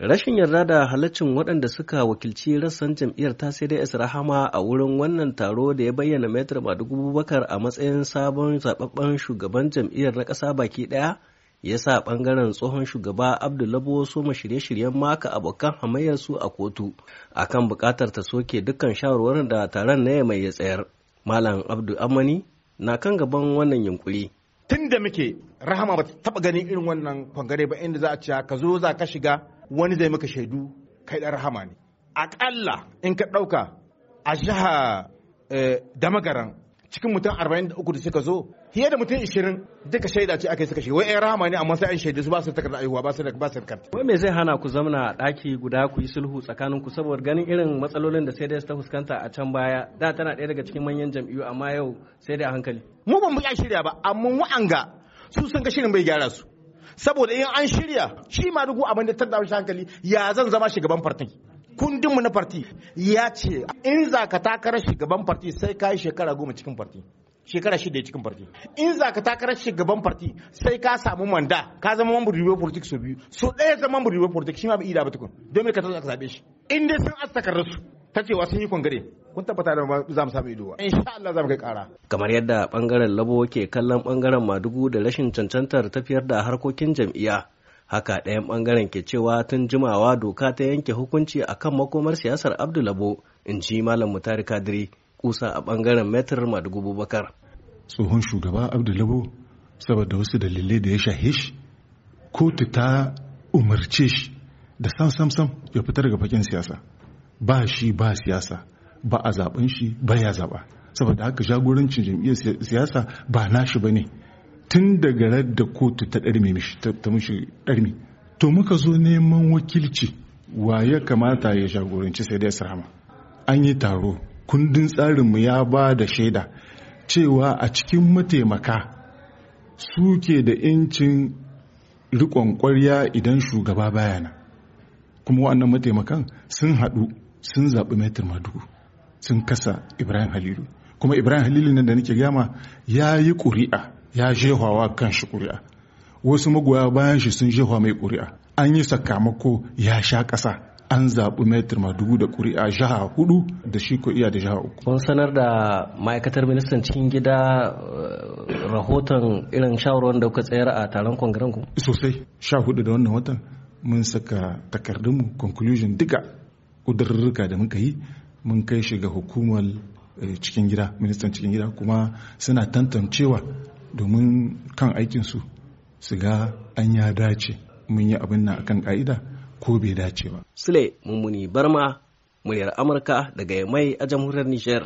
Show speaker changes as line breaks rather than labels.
Rashin yarda da halaccin waɗanda suka wakilci rassan jam'iyyar ta sai dai Rahama a wurin wannan taro da ya bayyana ba Madugu Bakar a matsayin sabon zababben shugaban jam'iyyar na ƙasa baki ɗaya ya sa ɓangaren tsohon shugaba Abdullabo soma shirye-shiryen maka abokan hamayyarsu a kotu akan buƙatar ta soke dukkan shawarwarin da taron na mai ya tsayar. Malam Abdu Amani na kan gaban wannan yunkuri. Tun da muke Rahama ba taɓa ganin irin wannan kwangare ba inda za a ce ka zo za ka shiga
wani zai maka shaidu kai ɗan rahama ne aƙalla in ka ɗauka a jiha eh, damagaran cikin mutum 43 da suka zo fiye da mutum 20
duka shaida ce aka yi suka shi wai ɗan rahama ne amma sai an shaida su ba su takarda aihuwa ba su da ba su karta wai me zai hana ku zamana a ɗaki guda ku yi sulhu tsakanin ku saboda ganin irin matsalolin da sai dai ta fuskanta a can baya da tana ɗaya daga cikin manyan jam'iyyu amma yau sai dai a hankali mu ban mu shirya ba amma
wa'anga su sun ga shirin bai gyara su saboda in an shirya shi ma dugu abin da tattawa shi hankali ya zan zama shugaban farti kundinmu na farti ya ce in za ka takarar shugaban farti sai ka yi shekara goma cikin farti shekara shida cikin farti in za ka takarar shugaban farti sai ka samu manda ka zama mambar riwe politik so biyu so ɗaya zama mambar riwe politik shi ma ba'ida ba tukun don me ka tazo zaɓe shi in dai sun astakarar su ta wa sun yi kongare kun tabbata da za mu samu ido ba insha Allah za mu kai kara
kamar yadda bangaren labo ke kallon bangaren madugu da rashin cancantar tafiyar da harkokin jam'iyya haka ɗayan bangaren ke cewa tun jimawa doka ta yanke hukunci akan makomar siyasar Abdul Labo in ji malam Mutari Kadiri kusa a bangaren Metro Madugu Bubakar
tsohon shugaba Abdul Labo saboda wasu dalilai da ya shahe shi kotu ta umarce shi da sam sam sam ya fitar ga fakin siyasa ba shi ba siyasa ba a zaben shi ba ya zaba saboda haka jagorancin jam'iyyar siyasa ba nashi ba ne tun daga radda kotu ta mishi ta to muka zo neman wakilci wa ya kamata ya jagoranci sai dai sarama an yi taro kundin tsarinmu ya ba da shaida cewa a cikin mataimaka suke da incin rikon kwarya idan shugaba bayana kuma waɗannan mataimakan sun haɗu sun zaɓi maitar madugu sun kasa ibrahim halilu kuma ibrahim halilu nan da nake gama ya yi ƙuri'a ya jehawa kan shi ƙuri'a wasu magoya bayan shi sun jehawa mai ƙuri'a an yi sakamako ya sha ƙasa an zaɓi ma dubu da ƙuri'a jiha hudu da shi ko iya da jiha
uku. Kun sanar da ma'aikatar ministan cikin gida eh, rahoton irin shawarwar da kuka tsayar a taron kwangaren ku? Sosai sha hudu da wannan watan mun saka
takardunmu conclusion duka ƙudurruka da muka yi mun kai shi ga hukumar eh, cikin gida ministan cikin gida kuma suna tantancewa domin kan aikinsu su ga an ya dace mun yi abin nan akan ka'ida ko bai dace ba.
Sule Mummuni Barma, muryar Amurka daga mai a jamhuriyar Nijar.